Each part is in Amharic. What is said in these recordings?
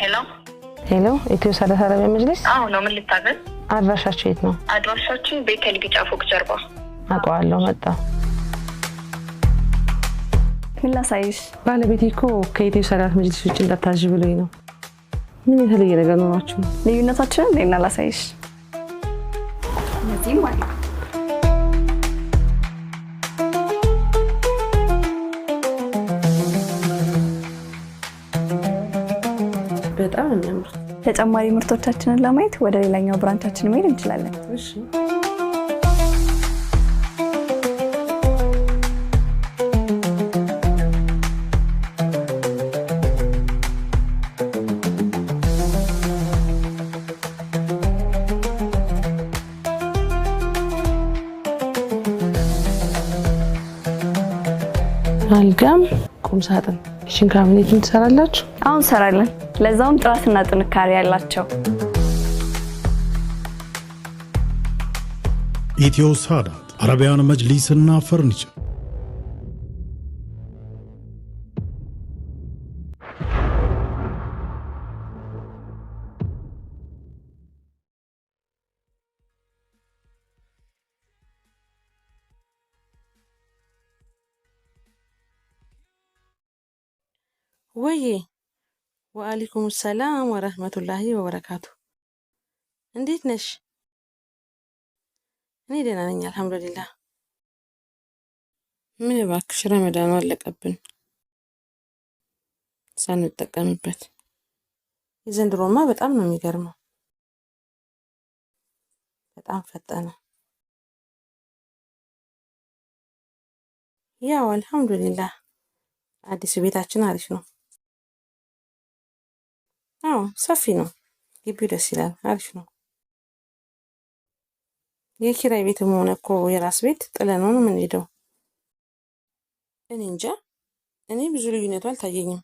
ሄሎ ሄሎ፣ ኢትዮ ሳዳት አረቢያ መጅሊስ? አሁ ነው። ምን ልታዘዝ? አድራሻቸው የት ነው? አድራሻችን ቤተል ቢጫ ፎቅ ጀርባ። አቋዋለሁ መጣ ምን ላሳይሽ? ባለቤቴ እኮ ከኢትዮ ሳዳት መጅሊስ ውጭ እንዳታዥ ብሎኝ ነው። ምን የተለየ ነገር ኖሯችሁ? ልዩነታችንን እኔና ላሳይሽ ተጨማሪ ምርቶቻችንን ለማየት ወደ ሌላኛው ብራንቻችን መሄድ እንችላለን። አልጋም፣ ቁም ሳጥን፣ ኪችን ካቢኔት ትሰራላችሁ? አሁን እንሰራለን። ለዛውም ጥራትና ጥንካሬ ያላቸው። ኢትዮ ሳዳት አረቢያን መጅሊስና ፈርኒቸር ወይዬ ወአሊኩም ሰላም ወረህመቱላሂ ወበረካቱ። እንዴት ነሽ? እኔ ደህና ነኝ አልሐምዱሊላህ። ምን እባክሽ ረመዳኑ አለቀብን ሳንጠቀምበት። የዘንድሮማ በጣም ነው የሚገርመው። በጣም ፈጠነ። ያው አልሐምዱሊላህ አዲሱ ቤታችን አሪፍ ነው። አዎ ሰፊ ነው ግቢው፣ ደስ ይላል፣ አሪፍ ነው። የኪራይ ቤትም ሆነ እኮ የራስ ቤት ጥለን ሆነ የምንሄደው። እኔ እንጃ፣ እኔ ብዙ ልዩነቱ አልታየኝም።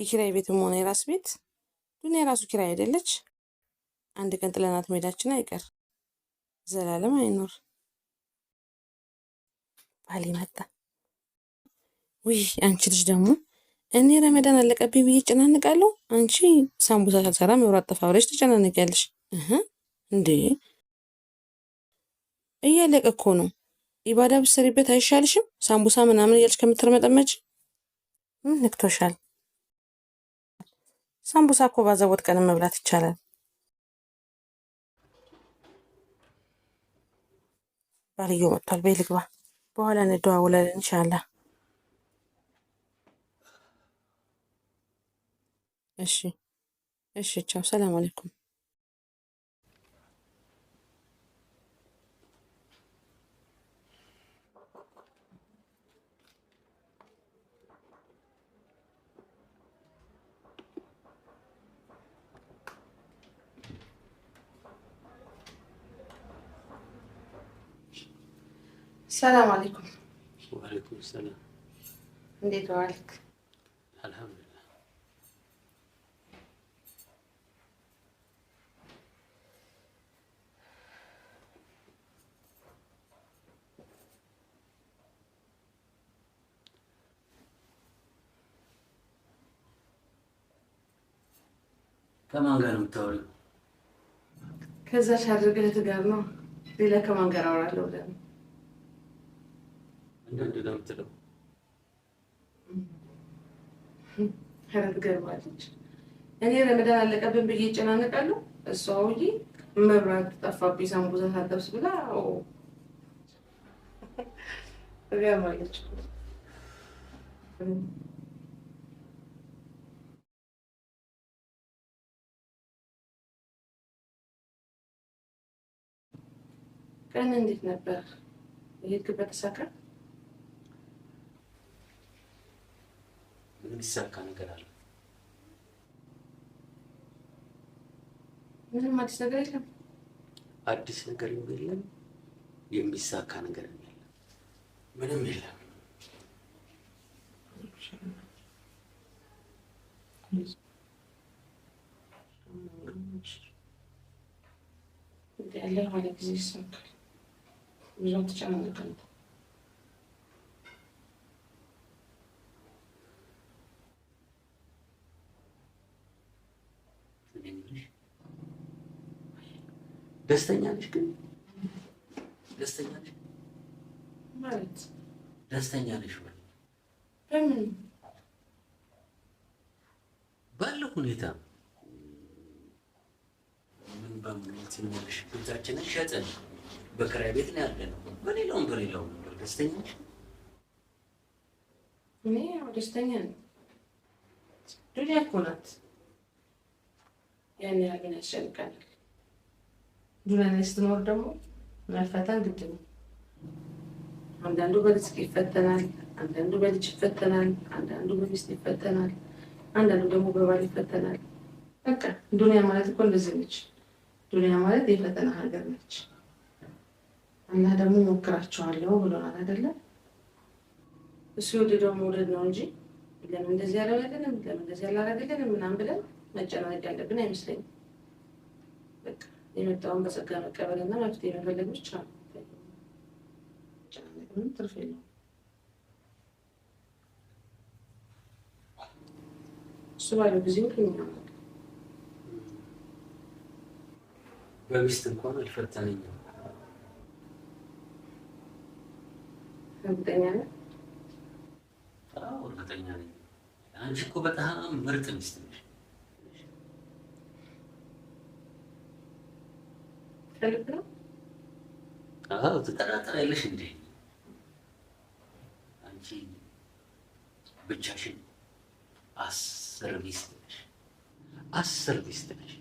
የኪራይ ቤትም ሆነ የራስ ቤት ዱንያ የራሱ ኪራይ አይደለች። አንድ ቀን ጥለናት መሄዳችን አይቀር፣ ዘላለም አይኖር። ባሌ መጣ። ውይ አንቺ ልጅ ደግሞ እኔ ረመዳን አለቀብኝ ብዬ እጨናንቃለሁ። አንቺ ሳምቡሳ ሳልሰራ መብራት ጠፋ ብለሽ ትጨናንቂያለሽ እንዴ? እያለቀ እኮ ነው። ኢባዳ ብትሰሪበት አይሻልሽም? ሳምቡሳ ምናምን እያልሽ ከምትርመጠመጭ ምን ነክቶሻል? ሳምቡሳ እኮ ባዘቦት ቀንም መብላት ይቻላል። ባልዮ መጥቷል። በይ ልግባ። በኋላ እንደዋውላለን ኢንሻላህ ماشي ماشي تشاو سلام عليكم السلام عليكم وعليكم السلام عندي دعاء ከማን ጋር ነው የምታወሪው? ከዛ ሻድርግህት ጋር ነው። ሌላ ከማን ጋር አወራለሁ ብለህ ነው? ነው የምትለው? ትገርማለች። እኔ ረመዳን አለቀብን ብዬ እጨናነቃለሁ። እሷ ውዬ መብራት ጠፋብኝ ሳምቡሳ ሳጠብስ ብላ ትገርማለች። ቀን እንዴት ነበር? የሄድክበት ተሳካ? ምን ይሳካ ነገር አለ? ምንም አዲስ ነገር የለም። አዲስ ነገር የለም። የሚሳካ ነገር የለም። ምንም የለም። ያለ የሆነ ጊዜ ይሳካል። ብዙም ተጨናነቀ ነበር። ደስተኛ ነሽ ግን ደስተኛ ነሽ ማለት ደስተኛ ነሽ ወይ? በምን ባለ ሁኔታ ምን በምን ትንሽ ቤታችንን ሸጠን በክራይ ቤት ነው ያለ ነው። በሌላውም በሌላውም ነገር ደስተኛ እኔ ያው ደስተኛ ነው። ዱኒያ እኮ ናት። ያን ያህል ግን ያስጨንቃናል። ዱኒያ ላይ ስትኖር ደግሞ መፈተን ግድ ነው። አንዳንዱ በልጽቅ ይፈተናል፣ አንዳንዱ በልጅ ይፈተናል፣ አንዳንዱ በሚስት ይፈተናል፣ አንዳንዱ ደግሞ በባል ይፈተናል። በቃ ዱኒያ ማለት እኮ እንደዚህ ነች። ዱኒያ ማለት የፈተና ሀገር ነች። እና ደግሞ ሞክራችኋለሁ ብሎናል አይደለ? እሱ የወደደው መውደድ ነው እንጂ ለምን እንደዚህ ያላረግልንም ለምን እንደዚህ ያላረግልንም ምናምን ብለን መጨናነቅ ያለብን አይመስለኝም። በቃ የመጣውን በጸጋ መቀበል መቀበልና መፍትሄ መፈለግ ብቻ ነው። መጨናነቅ ምንም ትርፍ የለውም። እሱ ባለው ጊዜ ሁሉም በሚስት እንኳን አልፈተነኝም እርግጠኛ ነህ? አዎ እርግጠኛ ነኝ። አንቺ እኮ በጣም ምርጥ ሚስት ነሽ። አዎ ትጠራጠሪያለሽ እንዴ? አንቺ ብቻሽን አስር ሚስት ነሽ። አስር ሚስት ነሽ።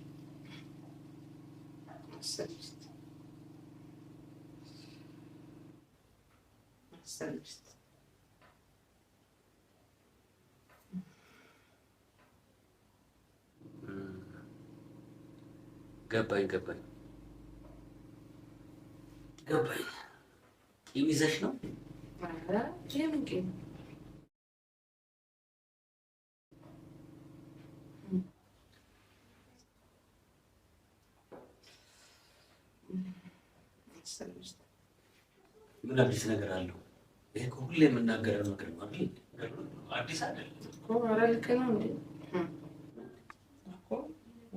selbst. ገባኝ ገባኝ ገባኝ። ቂም ይዘሽ ነው? ምን ምን አዲስ ነገር አለው? ይሄ ሁሌ የምናገረው ነገር ነው አዲስ አይደለም እኮ። ነው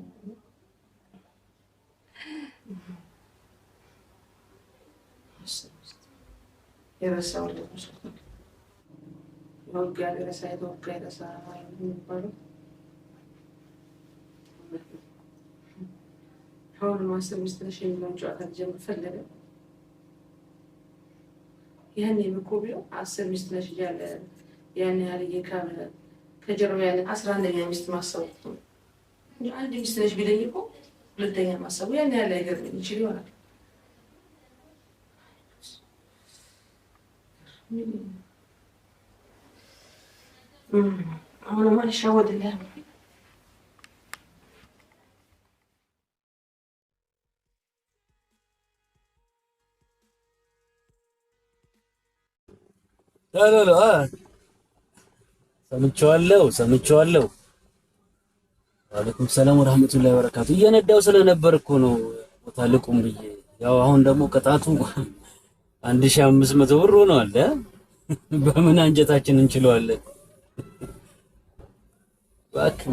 እንዴ የረሳው የተወጋ የሚባለው ማሰብ የሚለውን ጨዋታ ልጀምር ፈለገ ይህን የምኮ አስር ሚስት ነሽ እያለ ያን ያህል እየካበ ከጀርባ ያለ አስራ አንደኛ ሚስት ማሰቡ አንድ ሚስት ነሽ ቢለኝ እኮ ሁለተኛ ማሰቡ ያን ያህል አይገርም ይችል ይሆናል። አሁንማ ሻወድልህ ሰምቼዋለሁ ሰምቼዋለሁ። ወአለይኩም ሰላም ወራህመቱላሂ ወበረካቱ። እየነዳው ስለነበር እኮ ነው ቦታ ልቁም ብዬ። ያው አሁን ደግሞ ቅጣቱ 1500 ብር በምን አንጀታችን እንችለዋለን? እባክህ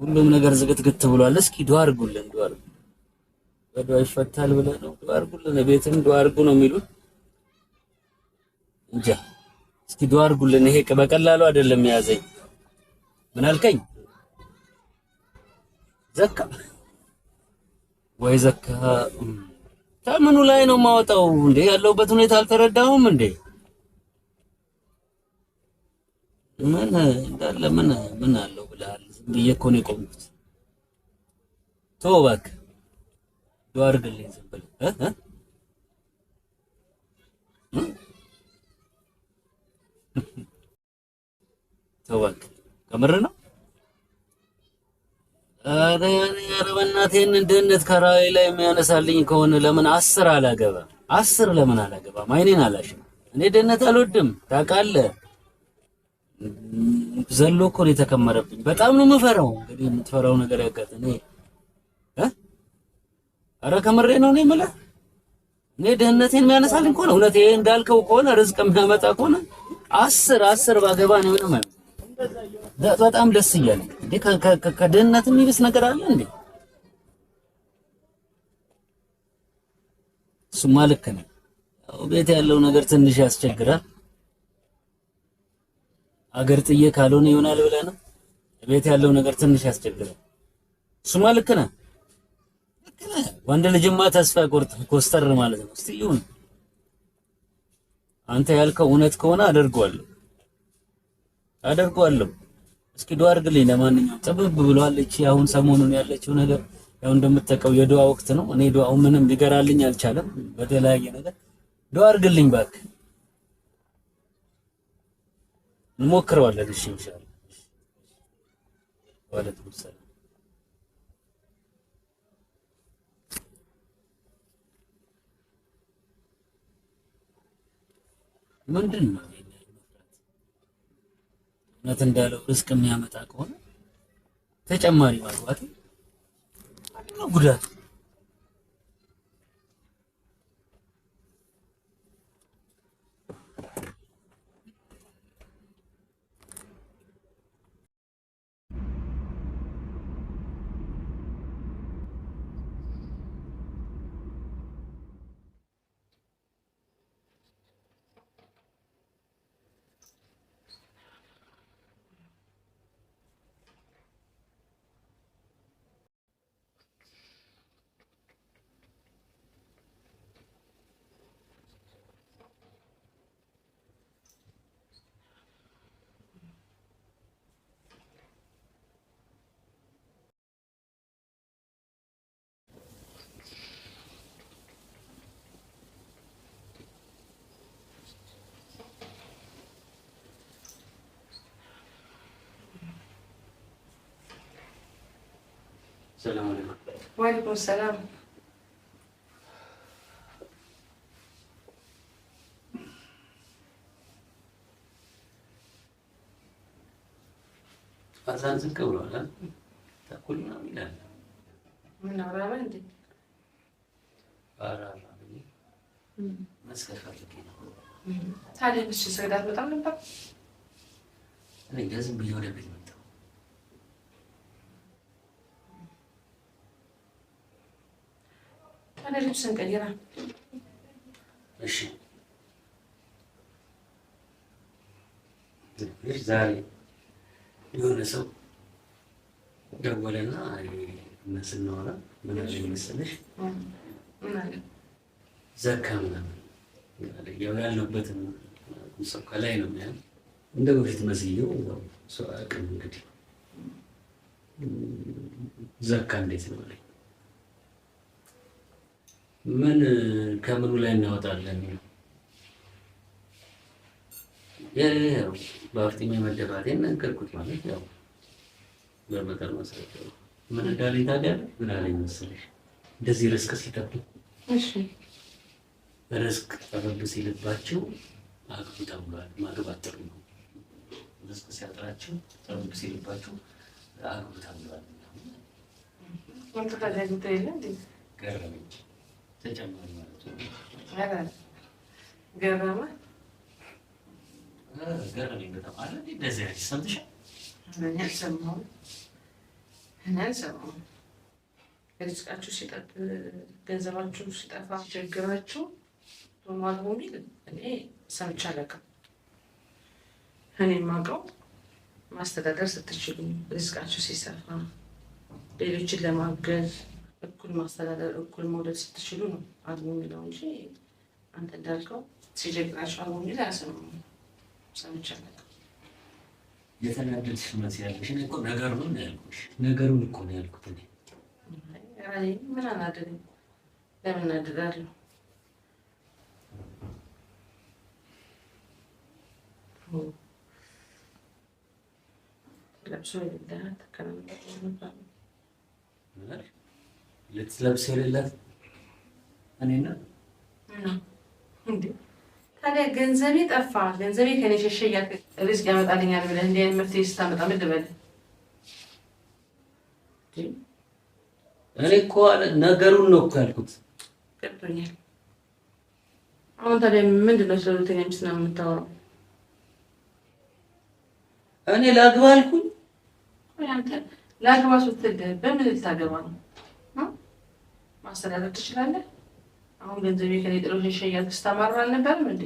ሁሉም ነገር ዝግትግት ብሏል። እስኪ ዱአ አድርጉልን፣ ዱአ አድርጉ። በዱአ ይፈታል ብለህ ነው። ዱአ አድርጉልን፣ ቤትም ዱአ አድርጉ ነው የሚሉት እንጃ እስኪ ዱዓ አድርጉልን። ይሄ በቀላሉ አይደለም የያዘኝ። ምን አልከኝ? ዘካ ወይ ዘካ ከምኑ ላይ ነው የማወጣው እንዴ? ያለውበት ሁኔታ አልተረዳሁም እንዴ? ምን እንዳለ ምን ምን አለው ብለሃል። ዝም ብዬ እኮ ነው የቆምኩት። ተው እባክህ ዱአ አድርግልኝ ዝም ብለህ ተወቅ ከምር ነው። አረ አረ በእናትህ ይሄንን ድህነት ከራይ ላይ የሚያነሳልኝ ከሆነ ለምን አስር አላገባ አስር ለምን አላገባ አይኔን አላሽ እኔ ድህነት አልወድም ታውቃለህ። ዘሎ እኮ ነው የተከመረብኝ። በጣም ነው የምፈራው። እንግዲህ የምትፈራው ነገር ያጋጥ እኔ አረ ከምሬ ነው እኔ የምልህ እኔ ድህነቴን የሚያነሳልኝ ከሆነ እውነት ይሄ እንዳልከው ከሆነ ርዝቅ የሚያመጣ ከሆነ አስር አስር ባገባ ነው ነው ማለት በጣም ደስ እያለ እንዴ ከድህነት የሚብስ ነገር አለ እንዴ? እሱማ ልክ ነው። ቤት ያለው ነገር ትንሽ ያስቸግራል። አገር ጥዬ ካልሆነ ይሆናል ብለህ ነው። ቤት ያለው ነገር ትንሽ ያስቸግራል። እሱማ ልክ ነህ፣ ልክ ነህ። ወንድ ልጅማ ተስፋ ቆርጥ ኮስተር ማለት ነው። እስቲ ይሁን አንተ ያልከው እውነት ከሆነ አደርገዋለሁ አደርገዋለሁ። እስኪ ዱአ አድርግልኝ። ለማንኛውም ጥብብ ብሏል። እቺ አሁን ሰሞኑን ያለችው ነገር ያው እንደምታውቀው የዱአ ወቅት ነው። እኔ ዱአው ምንም ሊገራልኝ አልቻለም። በተለያየ ነገር ዱአ አድርግልኝ እባክህ። እንሞክረዋለን። እሺ ኢንሻአላህ። ወአለይኩም ሰላም ምንድን ነው እውነት እንዳለው ርስቅ የሚያመጣ ከሆነ ተጨማሪ ማግባት ነው ጉዳቱ። ሰላም አለይኩም። ወአለይኩም ሰላም። አዛን ዝቅ ብሏል። ተኩል ነው ይላል። ምን አራራ እንዴ? አራራ ታዲያ ብቻ በጣም ነበር። እኔ ዝም ብዬ ወደ ቤት ነው ልብስን ቀይራ እሺ ዛሬ የሆነ ሰው ደወለና ስናወራ ምን አለ መሰለሽ ዘካ ምናምን ያው ያለሁበትን ሰው ከላይ ነው ያ እንደ በፊት መስየው ሰው አቅም እንግዲህ ዘካ እንዴት ነው አለኝ ምን ከምኑ ላይ እናወጣለን? ያው በአፍጢሙ መደፋቴን ነገርኩት። ማለት ያው በመጠር መሰረት ምን እንዳለኝ ታዲያ ምን አለኝ መሰለሽ፣ እንደዚህ ርስቅ ሲጠብ ርስቅ ጠበብ ሲልባቸው አግቡ ተብሏል። ማግባት ጥሩ ነው። ርስቅ ሲያጥራቸው ጠበብ ሲልባቸው አግቡ ተብሏል። ገረመኝ ተጨማሪ ማለት ነው። ገረመህ ገረመኝ በጣም አለ እንደዚህ አይነት ሰምተሻል? እኔ አልሰማሁም። እኔ አልሰማሁም። ሪዝቃችሁ ሲጠፍ ገንዘባችሁ ሲጠፋ ችግራችሁ ኖርማል ሚል እኔ ሰምቼ አላውቅም። እኔ የማውቀው ማስተዳደር ስትችሉ ሪዝቃችሁ ሲሰፋ ሌሎችን ለማገዝ እኩል ማስተዳደር እኩል መውደድ ስትችሉ ነው አልሙ የሚለው እንጂ አንተ እንዳልከው ሲጀግራቸው አልሙ የሚል አያስብም። ሰምቻለሁ። የተናደድሽ መስያለሽ። እኔ እኮ ነገሩን ነው ያልኩሽ። ነገሩን እኮ ነው ያልኩት። እኔ ምን አናደደኝ? ለምን እናደዳለሁ? ለብሶ ይልዳት ከናምጣ ነበር ልትለብስ የሌላት እኔና ታዲያ ገንዘቤ ጠፋ፣ ገንዘቤ ከኔ ሸሸ እያልክ ሪስክ ያመጣልኛል ብለህ እንዲህ ዓይነት መፍትሄ ስታመጣ ምን ልበልህ? እኔ እኮ ነገሩን ነው እኮ ያልኩት። ገብቶኛል። አሁን ታዲያ ምንድን ነው ስለ ሁለተኛ ሚስት ነው የምታወራው? እኔ ላግባ አልኩኝ። ላግባ ስትል በምን ልታገባ ነው? ማስተዳደር ትችላለህ? አሁን ገንዘቤ ከኔ ጥሎሽ ይሸያል ስተማር አልነበርም እንዴ?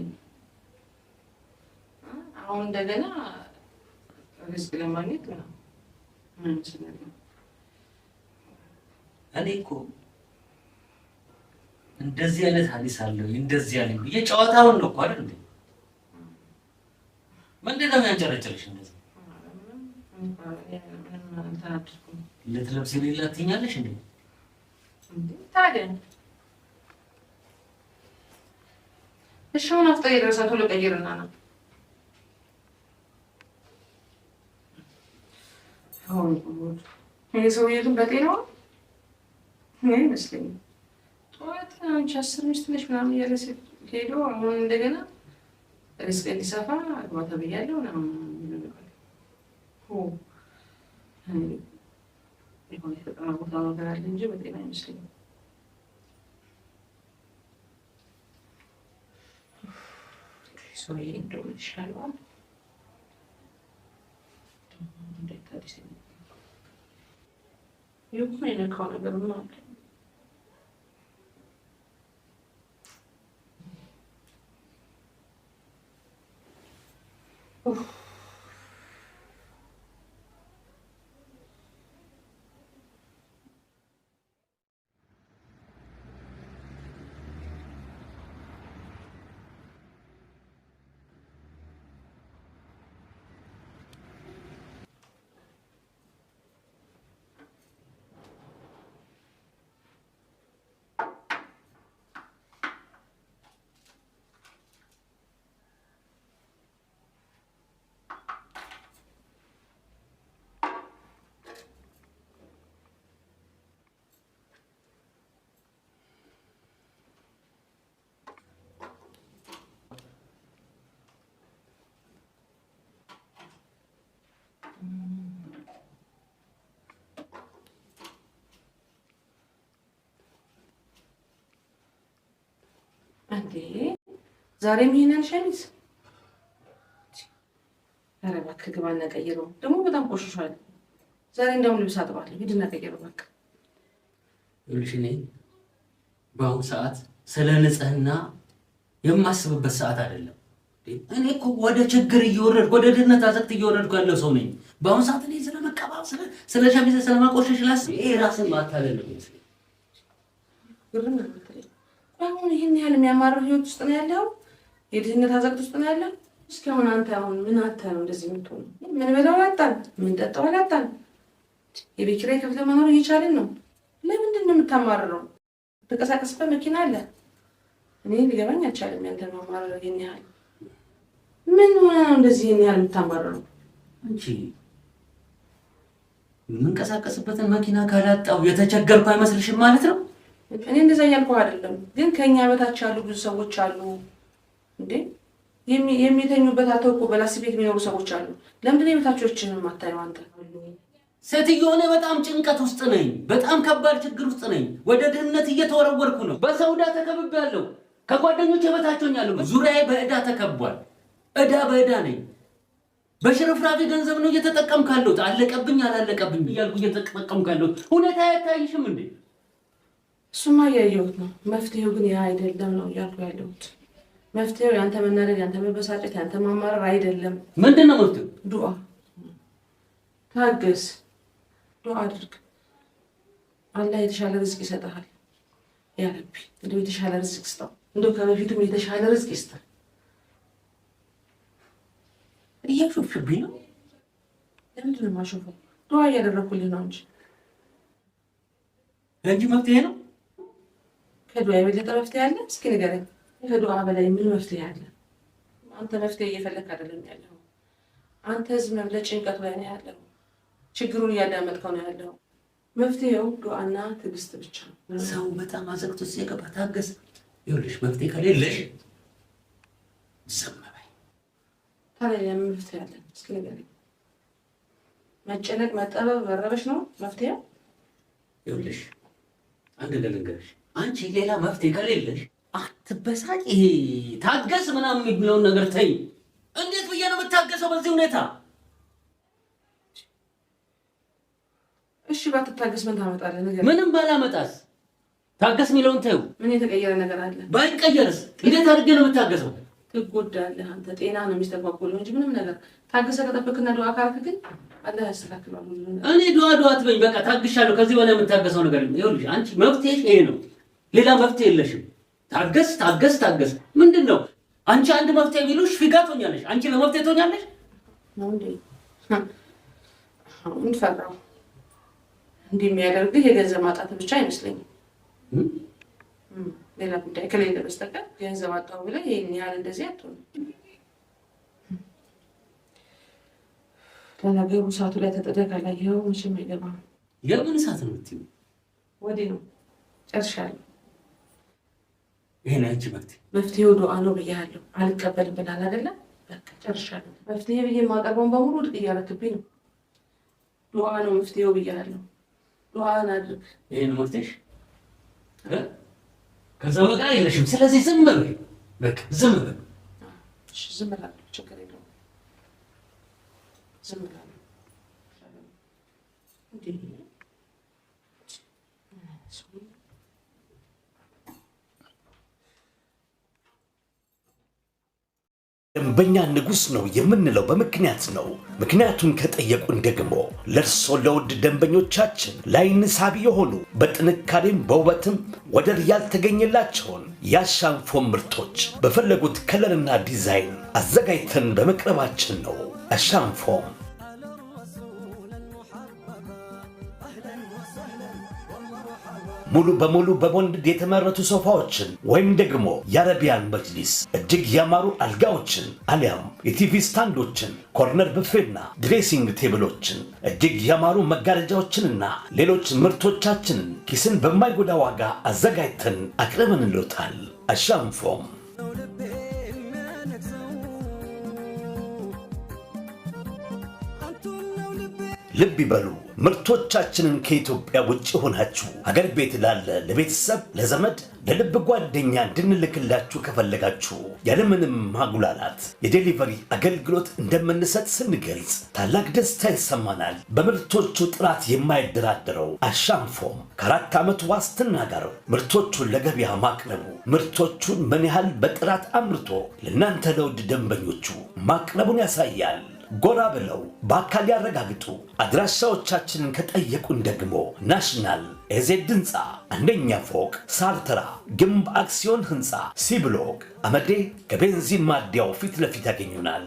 አሁን እንደገና ሪስክ ለማግኘት ምንም ስለለ እኔ እኮ እንደዚህ አይነት ሀዲስ አለው እንደዚህ አለ ብዬ ጨዋታውን ነው እኮ አይደል እንዴ? ምንድን ነው የሚያንጨረጭርሽ እንደዚህ? ልትለብስ የሌላት ትኛለሽ እንዴ? ታዲያ እሺ፣ አሁን አፍጣ እየደረሰ ቶሎ ቀይርና ነው። ይህ ሰውዬ ግን በጤናው ነው ይመስለኛል። ጠዋት አንቺ አስር ሚስት ነሽ ምናምን እያለ ሄዶ አሁን እንደገና ሪስክ እንዲሰፋ ግባ ተብያለሁ። የሆነ የፈጠና ቦታ ነገር አለ እንጂ በጤና አይመስለኝም። የሆነ የነካው ነገርም አለ ዛሬም ይሄንን ሸሚዝ ኧረ እባክህ ግባና ቀይረው። ደግሞ በጣም ቆሽሿል። ዛሬ እንደውም ልብስ አጥባለሁ። ሂድና ቀይረው እባክህ። ይኸውልሽ እኔ በአሁኑ ሰዓት ስለ ንጽህና የማስብበት ሰዓት አይደለም። እኔ እኮ ወደ ችግር እየወረድኩ ወደ ድህነት አዘቅት እየወረድኩ ያለው ሰው ነኝ። በአሁኑ ሰዓት እኔ ስለ ስለ ሸሚዝ ስለማቆሸሽ ላስ ራስን ማታለል ነው አሁን ይህን ያህል የሚያማረው ህይወት ውስጥ ነው ያለው፣ የድህነት አዘቅት ውስጥ ነው ያለው። እስኪ አሁን አንተ አሁን ምን አታ ነው እንደዚህ የምትሆኑ? ምን በላው አላጣን፣ ምን ጠጣው አላጣን። የቤት ኪራይ ከፍለ መኖር እየቻልን ነው። ለምንድን ነው የምታማርረው? ተንቀሳቀስበት መኪና አለ። እኔ ሊገባኝ አልቻለም ያንተ ማማረር። ይህን ያህል ምን ሆነ ነው እንደዚህ ይህን ያህል የምታማርረው? አንቺ የምንቀሳቀስበትን መኪና ካላጣው የተቸገርኩ አይመስልሽም ማለት ነው? እኔ እንደዛ እያልኩ አይደለም፣ ግን ከኛ በታች ያሉ ብዙ ሰዎች አሉ። እንዴ የሚተኙበት አተው በላስ ቤት የሚኖሩ ሰዎች አሉ። ለምንድን የበታቾችንም ማታየው? አንተ? ሴትዮ እኔ በጣም ጭንቀት ውስጥ ነኝ። በጣም ከባድ ችግር ውስጥ ነኝ። ወደ ድህነት እየተወረወርኩ ነው። በሰውዳ ተከብቤያለሁ። ከጓደኞቼ ያለው ዙሪያዬ በእዳ ተከቧል። እዳ በእዳ ነኝ። በሽርፍራፊ ገንዘብ ነው እየተጠቀምኩ ያለሁት። አለቀብኝ አላለቀብኝ እያልኩ እየተጠቀምኩ ያለሁት። ሁኔታ አይታይሽም እንዴ? እሱማ እያየሁት ነው። መፍትሄው ግን ያ አይደለም ነው እያልኩ ያለሁት። መፍትሄው ያንተ መናደድ፣ ያንተ መበሳጨት፣ ያንተ ማማረር አይደለም። ምንድን ነው መፍትሄው? ዱአ፣ ታገስ፣ ዱአ አድርግ። አላህ የተሻለ ርዝቅ ይሰጠሃል። ያረቢ እንደው የተሻለ ርዝቅ ስጠው፣ እንደው ከበፊቱም የተሻለ ርዝቅ ይስጠ። እያሾፍብኝ ነው። ለምንድን ነው የማሾፈው? ዱአ እያደረግኩልህ ነው እንጂ እንጂ መፍትሄ ነው ከዱዓ የበለጠ መፍትሄ አለ? እስኪ ንገረኝ። ከዱዓ በላይ ምን መፍትሄ አለ? አንተ መፍትሄ እየፈለክ አይደለም ያለው። አንተ ህዝብ መብለ ጭንቀት ላይ ነው ያለው። ችግሩን እያዳመጥከው ነው ያለው። መፍትሄው ዱዓና ትዕግስት ብቻ ሰው በጣም አዘግቶ ሲገባ ታገስ። ይኸውልሽ መፍትሄ ከሌለሽ ዝም በይ። ታዲያ ምን መፍትሄ አለ? እስኪ ንገረኝ። መጨነቅ፣ መጠበብ፣ መረበሽ ነው መፍትሄው? ይኸውልሽ አንድ ልንገርሽ አንቺ ሌላ መፍትሄ ከሌለሽ አትበሳጭ። ይሄ ታገስ ምናምን የሚለውን ነገር ተይ። እንዴት ብዬ ነው የምታገሰው በዚህ ሁኔታ? እሺ ባትታገስ ምን ታመጣለህ? ነገር ምንም ባላመጣስ ታገስ የሚለውን ተይው። ምን የተቀየረ ነገር አለ? ባይቀየርስ እንዴት አድርጌ ነው የምታገሰው? ትጎዳለህ አንተ። ጤና ነው የሚስተጓጎለው እንጂ ምንም ነገር ታገሰ ከጠበክና ዱዓ ካልክ ግን አላህ ያስተካክላል። እኔ ዱዓ ዱዓ ትበኝ። በቃ ታግሻለሁ። ከዚህ በላይ የምታገሰው ነገር ይኸውልሽ፣ አንቺ መብትሽ ይሄ ነው። ሌላ መፍትሄ የለሽም። ታገስ ታገስ ታገስ። ምንድን ነው አንቺ አንድ መፍትሄ ቢሉሽ ፊጋ ትሆኛለሽ። አንቺ ለመፍትሄ ትሆኛለሽ። አሁን ፈራሁ። እንዲህ የሚያደርግህ የገንዘብ ማጣት ብቻ አይመስለኝም። ሌላ ጉዳይ ከሌለ በስተቀር ገንዘብ አጣሁ ብለህ ይህን ያህል እንደዚህ አትሆንም። ለነገሩ ሰዓቱ ላይ ተጠደቅ ይኸው መቼም አይገባም። የምን ሰዓት ነው የምትይው? ወዲህ ነው ጨርሻለሁ። ይሄ ነው አንቺ መፍትሄ መፍትሄው ዱዓ ነው ብያለሁ። አልቀበልም ብላል አይደለ? በቃ ጨርሻለሁ። መፍትሄ ብዬ የማቀርበውን በሙሉ ውድቅ እያረክብኝ ነው። ዱዓ ነው መፍትሄው ብያለሁ። ዱዓን አድርግ። ይሄን መፍትሄሽ ከዛ በቃ የለሽም። ስለዚህ ዝም በል በቃ ዝም በል። እሺ ዝም እላለሁ። ችግር የለውም። ዝም እላለሁ። በእኛ ንጉሥ ነው የምንለው በምክንያት ነው። ምክንያቱን ከጠየቁን ደግሞ ለእርሶ ለውድ ደንበኞቻችን ለዓይን ሳቢ የሆኑ በጥንካሬም በውበትም ወደር ያልተገኘላቸውን የአሻንፎም ምርቶች በፈለጉት ከለርና ዲዛይን አዘጋጅተን በመቅረባችን ነው። አሻንፎም ሙሉ በሙሉ በቦንድ የተመረቱ ሶፋዎችን ወይም ደግሞ የአረቢያን መጅሊስ እጅግ ያማሩ አልጋዎችን አሊያም የቲቪ ስታንዶችን፣ ኮርነር ብፌና ድሬሲንግ ቴብሎችን እጅግ ያማሩ መጋረጃዎችንና ሌሎች ምርቶቻችንን ኪስን በማይጎዳ ዋጋ አዘጋጅተን አቅርበንልዎታል። አሻም ፎም ልብ ይበሉ። ምርቶቻችንን ከኢትዮጵያ ውጭ ሆናችሁ አገር ቤት ላለ ለቤተሰብ፣ ለዘመድ፣ ለልብ ጓደኛ እንድንልክላችሁ ከፈለጋችሁ ያለምንም ማጉላላት የዴሊቨሪ አገልግሎት እንደምንሰጥ ስንገልጽ ታላቅ ደስታ ይሰማናል። በምርቶቹ ጥራት የማይደራደረው አሻንፎም ከአራት ዓመት ዋስትና ጋር ምርቶቹን ለገበያ ማቅረቡ ምርቶቹን ምን ያህል በጥራት አምርቶ ለእናንተ ለውድ ደንበኞቹ ማቅረቡን ያሳያል። ጎራ ብለው በአካል ያረጋግጡ። አድራሻዎቻችንን ከጠየቁን ደግሞ ናሽናል ኤዜድ ህንፃ አንደኛ ፎቅ ሳርተራ ግንብ አክሲዮን ህንፃ ሲብሎክ አመዴ ከቤንዚን ማደያው ፊት ለፊት ያገኙናል።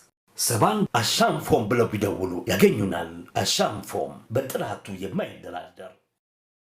ሰባን አሻንፎም ብለው ቢደውሉ ያገኙናል። አሻንፎም በጥራቱ የማይደራደር